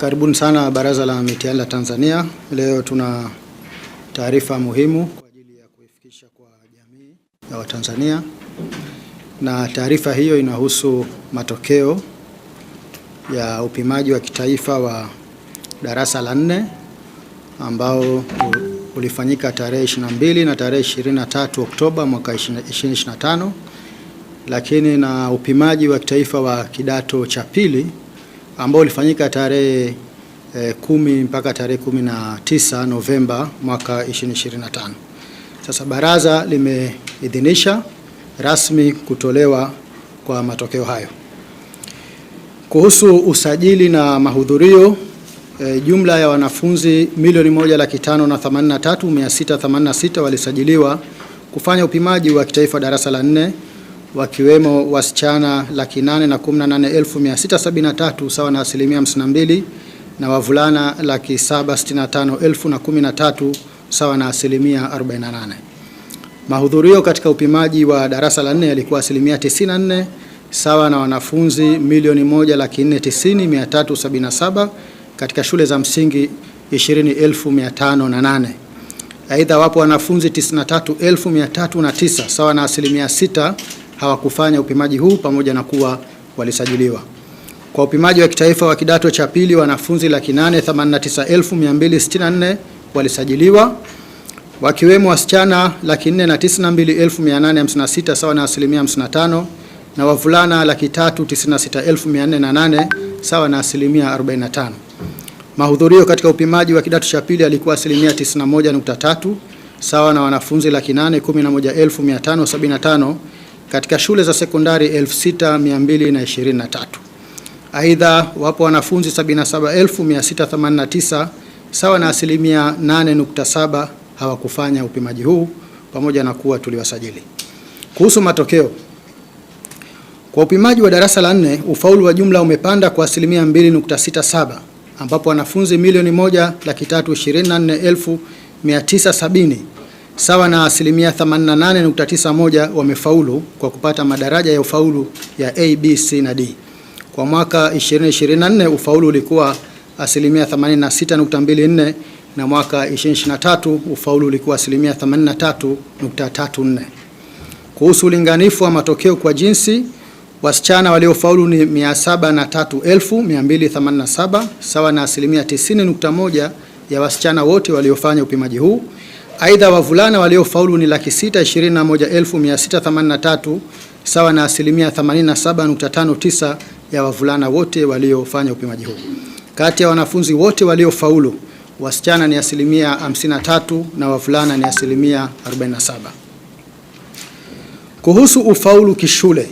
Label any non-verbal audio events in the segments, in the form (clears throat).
Karibuni sana Baraza la Mitihani la Tanzania. Leo tuna taarifa muhimu kwa ajili ya kuifikisha kwa jamii ya Watanzania, na taarifa hiyo inahusu matokeo ya upimaji wa kitaifa wa darasa la nne ambao ulifanyika tarehe 22 na tarehe 23 Oktoba mwaka 2025, lakini na upimaji wa kitaifa wa kidato cha pili ambao ulifanyika tarehe e, kumi mpaka tarehe kumi na tisa Novemba mwaka 2025. Sasa baraza limeidhinisha rasmi kutolewa kwa matokeo hayo. Kuhusu usajili na mahudhurio e, jumla ya wanafunzi milioni moja laki tano na themanini na tatu mia sita themanini na sita walisajiliwa kufanya upimaji wa kitaifa darasa la nne wakiwemo wasichana laki nane na kumi na nane elfu mia sita sabini na tatu sawa na asilimia hamsini na mbili na wavulana laki saba sitini na tano elfu na kumi na tatu sawa na asilimia arobaini na nane. Mahudhurio katika upimaji wa darasa la nne yalikuwa asilimia nne sawa na wanafunzi milioni moja laki nne tisini mia tatu sabini na saba katika shule za msingi ishirini elfu mia tano na nane. Aidha, wapo wanafunzi tatu tatu elfu mia na tisa sawa na asilimia sita hawakufanya upimaji huu pamoja na kuwa walisajiliwa. Kwa upimaji wa kitaifa wa kidato cha pili wanafunzi 889264 walisajiliwa wakiwemo wasichana 492856 sawa na asilimia hamsini na tano na wavulana 396408 sawa na asilimia arobaini tano. Mahudhurio katika upimaji wa kidato cha pili alikuwa asilimia 91.3 sawa na wanafunzi laki nane kumi katika shule za sekondari 6223. Aidha, wapo wanafunzi 77689 sawa na asilimia 8.7 hawakufanya upimaji huu pamoja na kuwa tuliwasajili. Kuhusu matokeo, kwa upimaji wa darasa la nne ufaulu wa jumla umepanda kwa asilimia 2.67 ambapo wanafunzi milioni 1,324,970 sabini sawa na asilimia 88.91 wamefaulu kwa kupata madaraja ya ufaulu ya A, B, C na D. Kwa mwaka 2024 ufaulu ulikuwa asilimia 86.24 na mwaka 2023 ufaulu ulikuwa asilimia 83.34. Kuhusu ulinganifu wa matokeo kwa jinsi, wasichana waliofaulu ni 703,287 sawa na asilimia 90.1 ya wasichana wote waliofanya upimaji huu. Aidha, wavulana waliofaulu ni laki sita ishirini na moja elfu mia sita na tatu sawa na asilimia 87.59 ya wavulana wote waliofanya upimaji huu. Kati ya wanafunzi wote waliofaulu, wasichana ni asilimia 53 na wavulana ni asilimia 47. Kuhusu ufaulu kishule,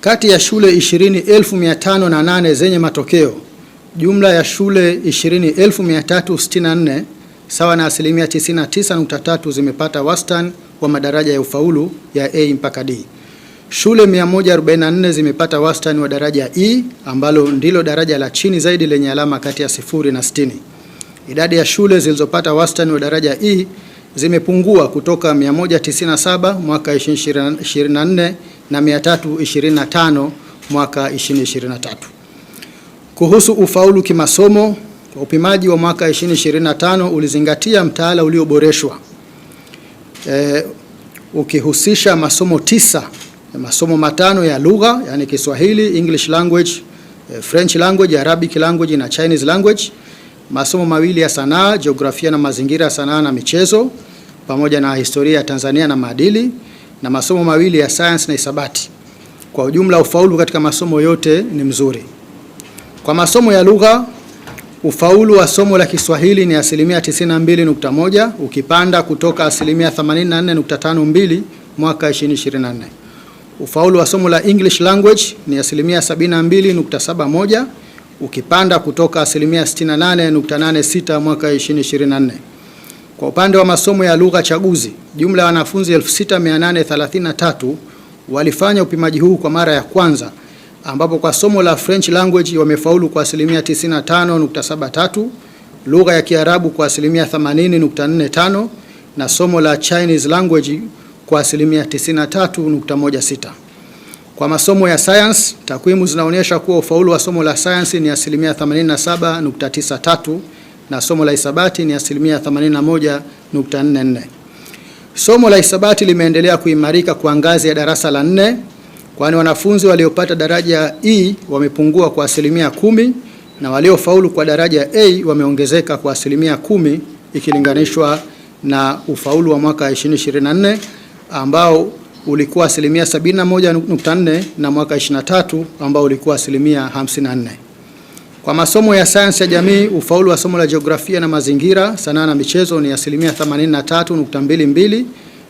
kati ya shule 20,508 zenye matokeo, jumla ya shule 20,364 sawa na asilimia 99.3 zimepata wastani wa madaraja ya ufaulu ya A mpaka D. Shule 144 zimepata wastani wa daraja E ambalo ndilo daraja la chini zaidi lenye alama kati ya sifuri na sitini. Idadi ya shule zilizopata wastani wa daraja E zimepungua kutoka 197 mwaka 2024 na 325 mwaka 2023. Kuhusu ufaulu kimasomo Upimaji wa mwaka 2025 ulizingatia mtaala ulioboreshwa e, ukihusisha masomo tisa, masomo matano ya lugha, yani Kiswahili, English language, e, French language, Arabic language na Chinese language, masomo mawili ya sanaa, jiografia na mazingira sanaa na michezo, pamoja na historia ya Tanzania na maadili, na masomo mawili ya science na hisabati. Kwa ujumla, ufaulu katika masomo yote ni mzuri. Kwa masomo ya lugha Ufaulu wa somo la Kiswahili ni asilimia 92.1 ukipanda kutoka asilimia 84.52 mwaka 2024. Ufaulu wa somo la English language ni asilimia 72.71 ukipanda kutoka asilimia 68.86 mwaka 2024. Kwa upande wa masomo ya lugha chaguzi, jumla ya wanafunzi 6833 walifanya upimaji huu kwa mara ya kwanza ambapo kwa somo la French language wamefaulu kwa asilimia 95.73, lugha ya Kiarabu kwa asilimia 80.45 na somo la Chinese language kwa asilimia 93.16. Kwa masomo ya science, takwimu zinaonyesha kuwa ufaulu wa somo la science ni asilimia 87.93 na somo la hisabati ni asilimia 81.44. Somo la hisabati limeendelea kuimarika kwa ngazi ya darasa la nne kwani wanafunzi waliopata daraja E wamepungua kwa asilimia kumi na waliofaulu kwa daraja A wameongezeka kwa asilimia kumi ikilinganishwa na ufaulu wa mwaka 2024 ambao ulikuwa asilimia 71.4 na mwaka 23 ambao ulikuwa asilimia 54. Kwa masomo ya sayansi ya jamii, ufaulu wa somo la jiografia na mazingira, sanaa na michezo ni asilimia 83.22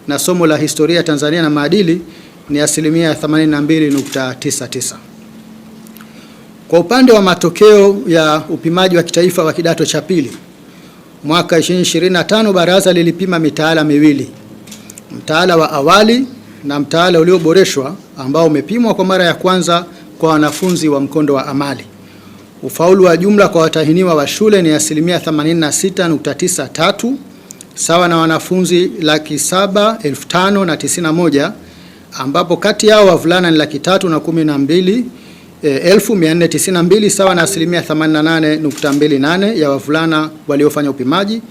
na somo la historia Tanzania na maadili ni asilimia 82.99. Kwa upande wa matokeo ya upimaji wa kitaifa wa kidato cha pili mwaka 2025, baraza lilipima mitaala miwili, mtaala wa awali na mtaala ulioboreshwa ambao umepimwa kwa mara ya kwanza kwa wanafunzi wa mkondo wa amali. Ufaulu wa jumla kwa watahiniwa wa shule ni asilimia 86.93 sawa na wanafunzi laki saba elfu tano na tisini na moja ambapo kati yao wavulana ni laki tatu na kumi na mbili e, elfu mia nne tisini na mbili sawa na asilimia 88.28 ya wavulana waliofanya upimaji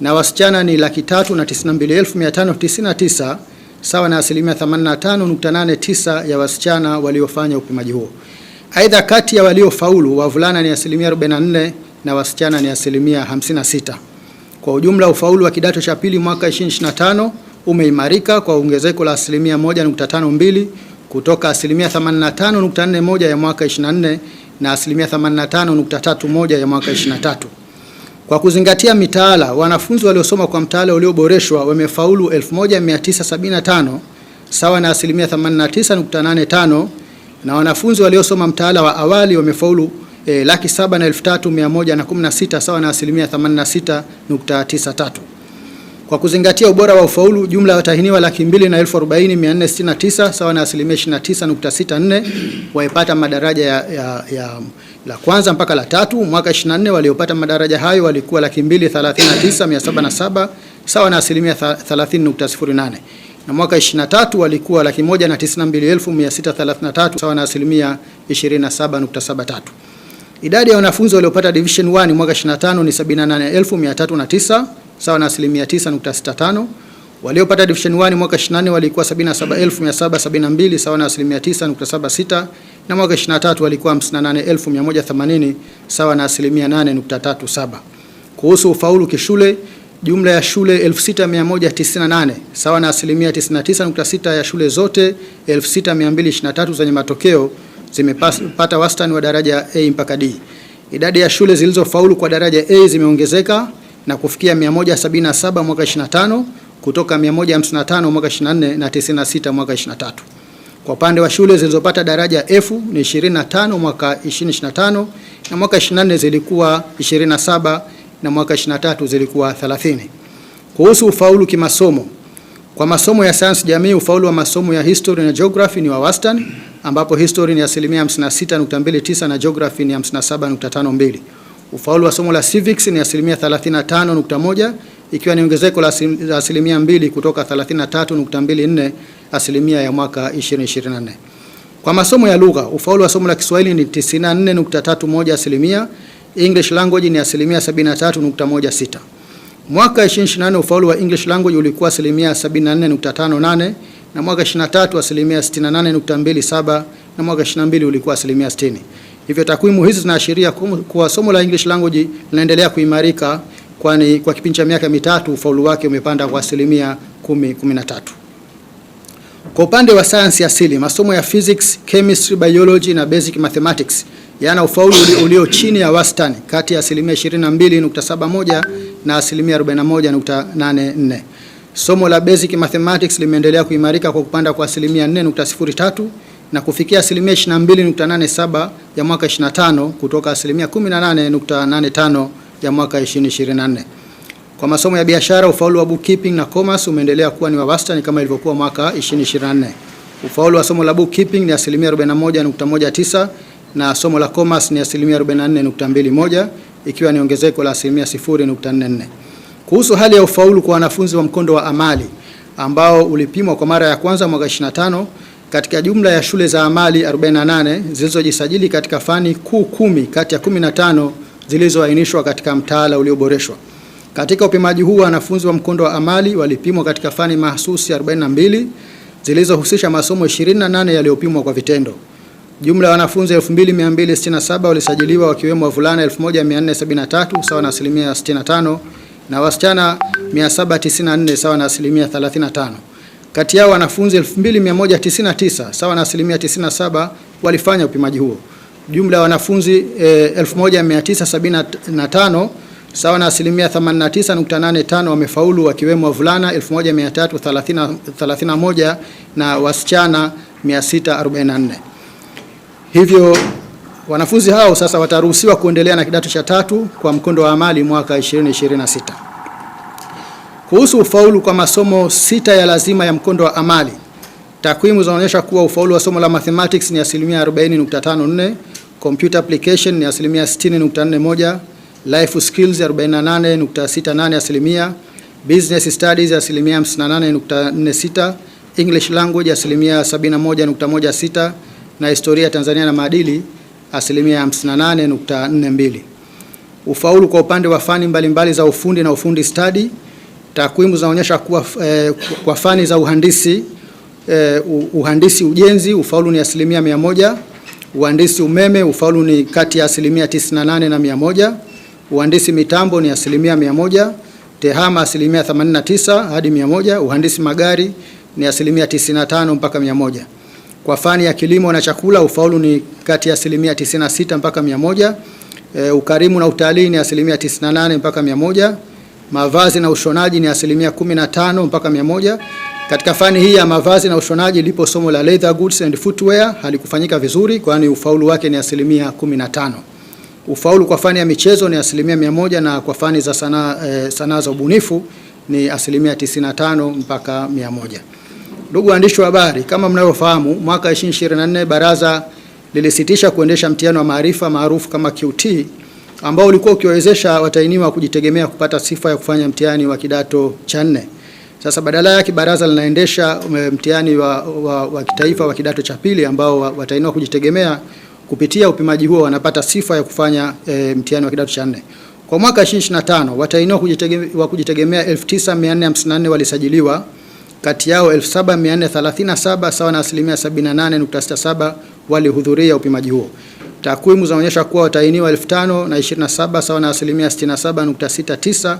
na wasichana ni laki tatu na tisini na mbili elfu mia tano tisini na tisa sawa na asilimia 85.89 ya wasichana waliofanya upimaji huo. Aidha, kati ya waliofaulu wavulana ni asilimia 44 na wasichana ni asilimia 56. Kwa ujumla ufaulu wa kidato cha pili mwaka 2025 umeimarika kwa ongezeko la asilimia 1.52 kutoka asilimia 85.41 ya mwaka 24 na asilimia 85.31 ya mwaka 23. Kwa kuzingatia mitaala, wanafunzi waliosoma kwa mtaala ulioboreshwa wamefaulu 1975 sawa na asilimia 89.85 na wanafunzi waliosoma mtaala wa awali wamefaulu eh, laki saba na elfu tatu mia moja na kumi na sita sawa na asilimia sita nukta tisa tatu. Kwa kuzingatia ubora wa ufaulu, jumla ya watahiniwa laki mbili na elfu arobaini mia nne sitini na tisa sawa na asilimia ishirini na tisa nukta sita nne waepata madaraja ya, ya, ya la kwanza mpaka la tatu. Mwaka 24 waliopata madaraja hayo walikuwa laki mbili thelathini na tisa mia saba na saba sawa na asilimia thelathini nukta sifuri nane na mwaka 23 walikuwa laki moja na tisini na mbili elfu mia sita thelathini na tatu sawa na asilimia ishirini na saba saba nukta tatu. Idadi ya wanafunzi waliopata division 1 mwaka 25 ni 78309 sawa na asilimia 9.65. Waliopata division 1 mwaka 24 walikuwa 77772 sawa na asilimia 9.76, na mwaka 23 walikuwa 58180 sawa na asilimia 8.37. Kuhusu ufaulu kishule, jumla ya shule 6198 sawa na asilimia 99.6 ya shule zote 6223 zenye matokeo zimepata wastani wa daraja A mpaka D. Idadi ya shule zilizofaulu kwa daraja A zimeongezeka na kufikia 177 mwaka 25 kutoka 155 mwaka 24 na 96 mwaka 23. Kwa upande wa shule zilizopata daraja F ni 25 mwaka 2025 na mwaka 24 zilikuwa 27 na mwaka 23 zilikuwa 30. Kuhusu ufaulu kimasomo, kwa masomo ya sayansi jamii, ufaulu wa masomo ya history na geography ni wa wastani ambapo history ni asilimia 56.29 na geography ni 57.52. Ufaulu wa somo la civics ni asilimia 35.1 ikiwa ni ongezeko la asilimia mbili kutoka 33.24 asilimia ya mwaka 2024. Kwa masomo ya lugha, ufaulu wa somo la Kiswahili ni 94.31 asilimia, English language ni asilimia 73.16. Mwaka 2024 ufaulu wa English language ulikuwa asilimia 74.58 na mwaka 23 asilimia 68.27 na mwaka 22 ulikuwa asilimia Hivyo takwimu hizi zinaashiria kuwa somo la English language linaendelea kuimarika, kwani kwa kipindi cha miaka mitatu ufaulu wake umepanda kwa asilimia 10 Kwa upande wa sayansi asili, masomo ya physics, chemistry, biology na basic mathematics yana ufaulu ulio chini ya wastani kati ya asilimia 22.71 na asilimia 41.84. Somo la basic mathematics limeendelea kuimarika kwa kupanda kwa asilimia 4.03 na kufikia asilimia 22.87 ya mwaka 25 kutoka asilimia 18.85 ya mwaka 2024. Kwa masomo ya biashara, ufaulu wa bookkeeping na commerce umeendelea kuwa ni wa wastani kama ilivyokuwa mwaka 2024. Ufaulu wa somo la bookkeeping ni asilimia 41.19 na somo la commerce ni asilimia 44.21 ikiwa ni ongezeko la asilimia 0.44. Kuhusu hali ya ufaulu kwa wanafunzi wa mkondo wa amali ambao ulipimwa kwa mara ya kwanza mwaka 25 katika jumla ya shule za amali 48 zilizojisajili katika fani kuu kumi kati ya 15 zilizoainishwa katika mtaala ulioboreshwa. Katika upimaji huu, wanafunzi wa mkondo wa amali walipimwa katika fani mahsusi 42 zilizohusisha masomo 28 yaliyopimwa kwa vitendo. Jumla ya wanafunzi 2267 walisajiliwa wakiwemo wavulana 1473 sawa na asilimia 65 na wasichana 794 sawa na asilimia 35. Kati yao wanafunzi 2199 sawa na asilimia 97 walifanya upimaji huo. Jumla ya wanafunzi e, eh, 1975 sawa na asilimia 89.85 wamefaulu wakiwemo wavulana 1331 na wasichana 644. Hivyo wanafunzi hao sasa wataruhusiwa kuendelea na kidato cha tatu kwa mkondo wa amali mwaka 2026. Kuhusu ufaulu kwa masomo sita ya lazima ya mkondo wa amali, takwimu zinaonyesha kuwa ufaulu wa somo la mathematics ni asilimia 40.54, computer application ni asilimia 60.41, life skills 48.68 asilimia, business studies asilimia 58.46, english language asilimia 71.16 na historia Tanzania na maadili asilimia 58.42. Ufaulu kwa upande wa fani mbalimbali mbali za ufundi na ufundi stadi Takwimu zinaonyesha kuwa eh, kwa fani za uhandisi eh, uhandisi ujenzi ufaulu ni asilimia mia moja, uhandisi umeme ufaulu ni kati ya asilimia 98 na mia moja, uhandisi mitambo ni asilimia mia moja, tehama asilimia 89 hadi mia moja, uhandisi magari ni asilimia 95 mpaka mia moja. Kwa fani ya kilimo na chakula ufaulu ni kati ya asilimia 96 mpaka mia moja, E, ukarimu na utalii ni asilimia 98 mpaka mia moja mavazi na ushonaji ni asilimia 15 mpaka 100. Katika fani hii ya mavazi na ushonaji lipo somo la leather goods and footwear halikufanyika vizuri, kwani ufaulu wake ni asilimia 15. Ufaulu kwa fani ya michezo ni asilimia 100 na kwa fani za sanaa eh, sanaa za ubunifu ni asilimia 95 mpaka 100. Ndugu waandishi wa habari, kama mnavyofahamu, mwaka 2024 baraza lilisitisha kuendesha mtihani wa maarifa maarufu kama QT ambao ulikuwa ukiwawezesha watahiniwa kujitegemea kupata sifa ya kufanya mtihani wa kidato cha nne. Sasa badala yake baraza linaendesha um, mtihani wa, wa, wa kitaifa wa kidato cha pili ambao watahiniwa kujitegemea kupitia upimaji huo wanapata sifa ya kufanya e, mtihani wa kidato cha nne. Kwa mwaka 2025 watahiniwa kujitegemea, wa kujitegemea 9454 walisajiliwa, kati yao 7437 sawa na asilimia 78.67 walihudhuria upimaji huo. Takwimu zinaonyesha kuwa watahiniwa 5027 sawa na asilimia 67.69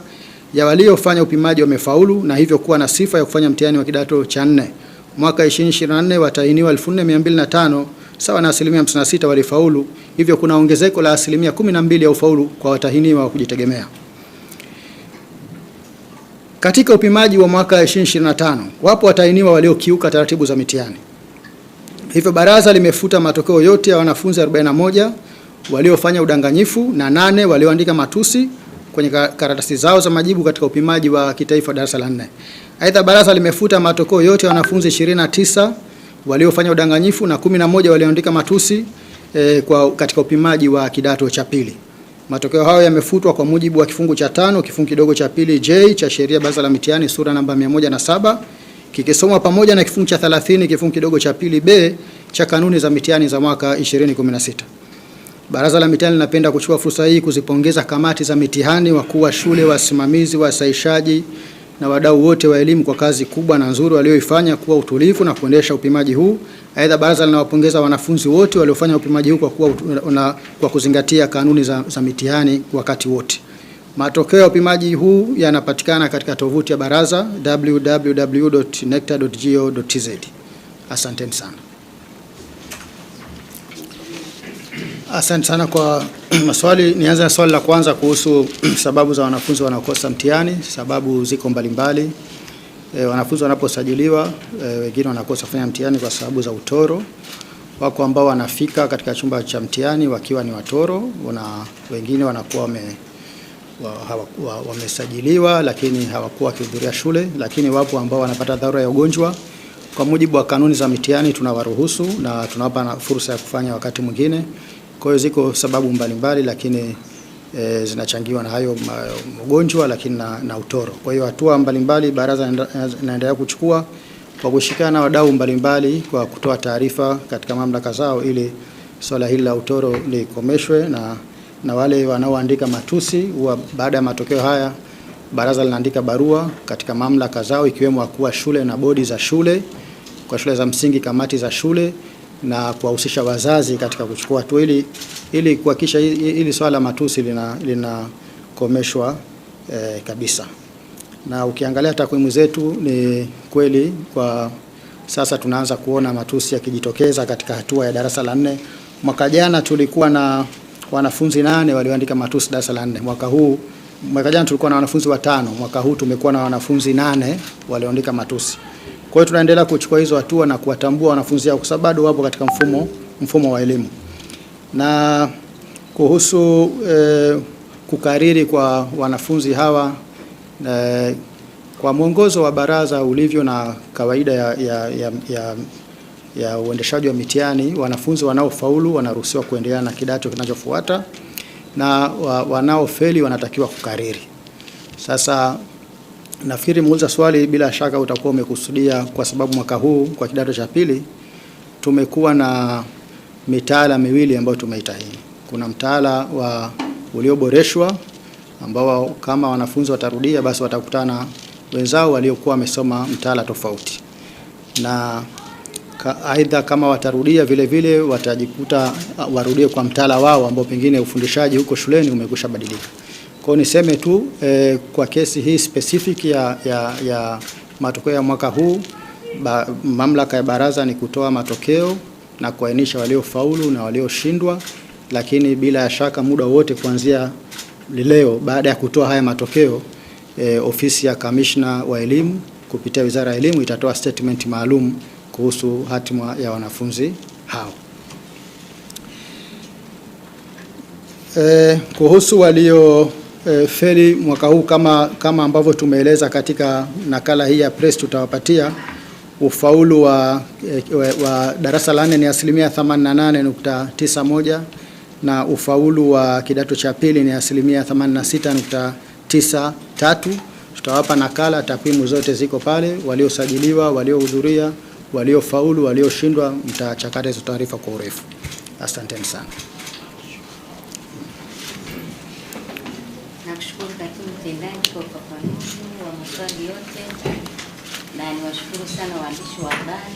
ya waliofanya upimaji wamefaulu na hivyo kuwa na sifa ya kufanya mtihani wa kidato cha nne. Mwaka 2024 watahiniwa 4205 sawa na asilimia 56 walifaulu, hivyo kuna ongezeko la asilimia 12 ya ufaulu kwa watahiniwa wa kujitegemea. Katika upimaji wa mwaka 2025 wapo watahiniwa waliokiuka taratibu za mitihani. Hivyo baraza limefuta matokeo yote ya wanafunzi 41 waliofanya udanganyifu na nane walioandika matusi kwenye karatasi zao za majibu katika upimaji wa kitaifa darasa la nne. Aidha, baraza limefuta matokeo yote ya wanafunzi 29 waliofanya udanganyifu na 11 walioandika matusi eh, kwa katika upimaji wa kidato cha pili. Matokeo hayo yamefutwa kwa mujibu wa kifungu cha tano kifungu kidogo cha pili J cha sheria baraza la mitihani sura namba 107 kikisomwa pamoja na kifungu cha 30 kifungu kidogo cha pili b cha kanuni za mitihani za mwaka 2016. Baraza la mitihani linapenda kuchukua fursa hii kuzipongeza kamati za mitihani, wakuu wa shule, wasimamizi, wasaishaji na wadau wote wa elimu kwa kazi kubwa na nzuri walioifanya kuwa utulivu na kuendesha upimaji huu. Aidha, baraza linawapongeza wanafunzi wote waliofanya upimaji huu kwa, kuwa, una, kwa kuzingatia kanuni za, za mitihani wakati wote. Matokeo ya upimaji huu yanapatikana katika tovuti ya baraza www.necta.go.tz. Asante sana. Asante sana kwa (clears throat) maswali. Nianze na swali la kwanza kuhusu (clears throat) sababu za wanafunzi wanaokosa mtihani. Sababu ziko mbalimbali. E, wanafunzi wanaposajiliwa e, wengine wanakosa kufanya mtihani kwa sababu za utoro. Wako ambao wanafika katika chumba cha mtihani wakiwa ni watoro na wengine wanakuwa wame wa, wamesajiliwa, lakini hawakuwa wakihudhuria shule, lakini wapo ambao wanapata dharura ya ugonjwa. Kwa mujibu wa kanuni za mitihani, tunawaruhusu na tunawapa fursa ya kufanya wakati mwingine. Kwa hiyo ziko sababu mbalimbali, lakini e, zinachangiwa na hayo ugonjwa, lakini na, na utoro. Kwa hiyo hatua mbalimbali baraza inaendelea kuchukua kwa kushikana na wadau mbalimbali kwa kutoa taarifa katika mamlaka zao ili swala hili la utoro likomeshwe na na wale wanaoandika matusi huwa baada ya matokeo haya baraza linaandika barua katika mamlaka zao ikiwemo wakuu wa shule na bodi za shule, kwa shule za msingi kamati za shule na kuwahusisha wazazi katika kuchukua hatua ili, ili kuhakikisha ili swala la matusi linakomeshwa lina eh, kabisa. Na ukiangalia takwimu zetu ni kweli kwa sasa tunaanza kuona matusi yakijitokeza katika hatua ya darasa la nne. Mwaka jana tulikuwa na wanafunzi nane walioandika matusi darasa la nne mwaka huu. Mwaka jana tulikuwa na wanafunzi watano, mwaka huu tumekuwa na wanafunzi nane walioandika matusi. Kwa hiyo tunaendelea kuchukua hizo hatua na kuwatambua wanafunzi hao, kwa sababu bado wapo katika mfumo, mfumo wa elimu. Na kuhusu eh, kukariri kwa wanafunzi hawa eh, kwa mwongozo wa baraza ulivyo na kawaida ya, ya, ya, ya ya uendeshaji wa mitihani, wanafunzi wanaofaulu wanaruhusiwa kuendelea na kidato kinachofuata na wanaofeli wanatakiwa kukariri. Sasa nafikiri muuliza swali bila shaka utakuwa umekusudia, kwa sababu mwaka huu kwa kidato cha pili tumekuwa na mitaala miwili ambayo tumeitahini. Kuna mtaala wa ulioboreshwa ambao kama wanafunzi watarudia basi watakutana wenzao waliokuwa wamesoma mtaala tofauti na aidha kama watarudia vile vile watajikuta warudie kwa mtaala wao ambao pengine ufundishaji huko shuleni umekusha badilika. Kwa hiyo niseme tu eh, kwa kesi hii specific ya, ya, ya matokeo ya mwaka huu ba, mamlaka ya baraza ni kutoa matokeo na kuainisha waliofaulu na walioshindwa, lakini bila ya shaka muda wote kuanzia leo baada ya kutoa haya matokeo eh, ofisi ya kamishna wa elimu kupitia wizara ya elimu itatoa statement maalum kuhusu hatima ya wanafunzi hao. E, kuhusu walio e, feli mwaka huu kama, kama ambavyo tumeeleza katika nakala hii ya press tutawapatia ufaulu wa, e, wa, wa darasa la nne ni asilimia 88.91 na ufaulu wa kidato cha pili ni asilimia 86.93. Tutawapa nakala, takwimu zote ziko pale, waliosajiliwa, waliohudhuria waliofaulu, walioshindwa, mtachakata hizo taarifa kwa urefu. Asanteni sana. Nakushukuru katibu mtendaji kwa ufafanuzi wa maswali yote, na niwashukuru sana waandishi wa habari.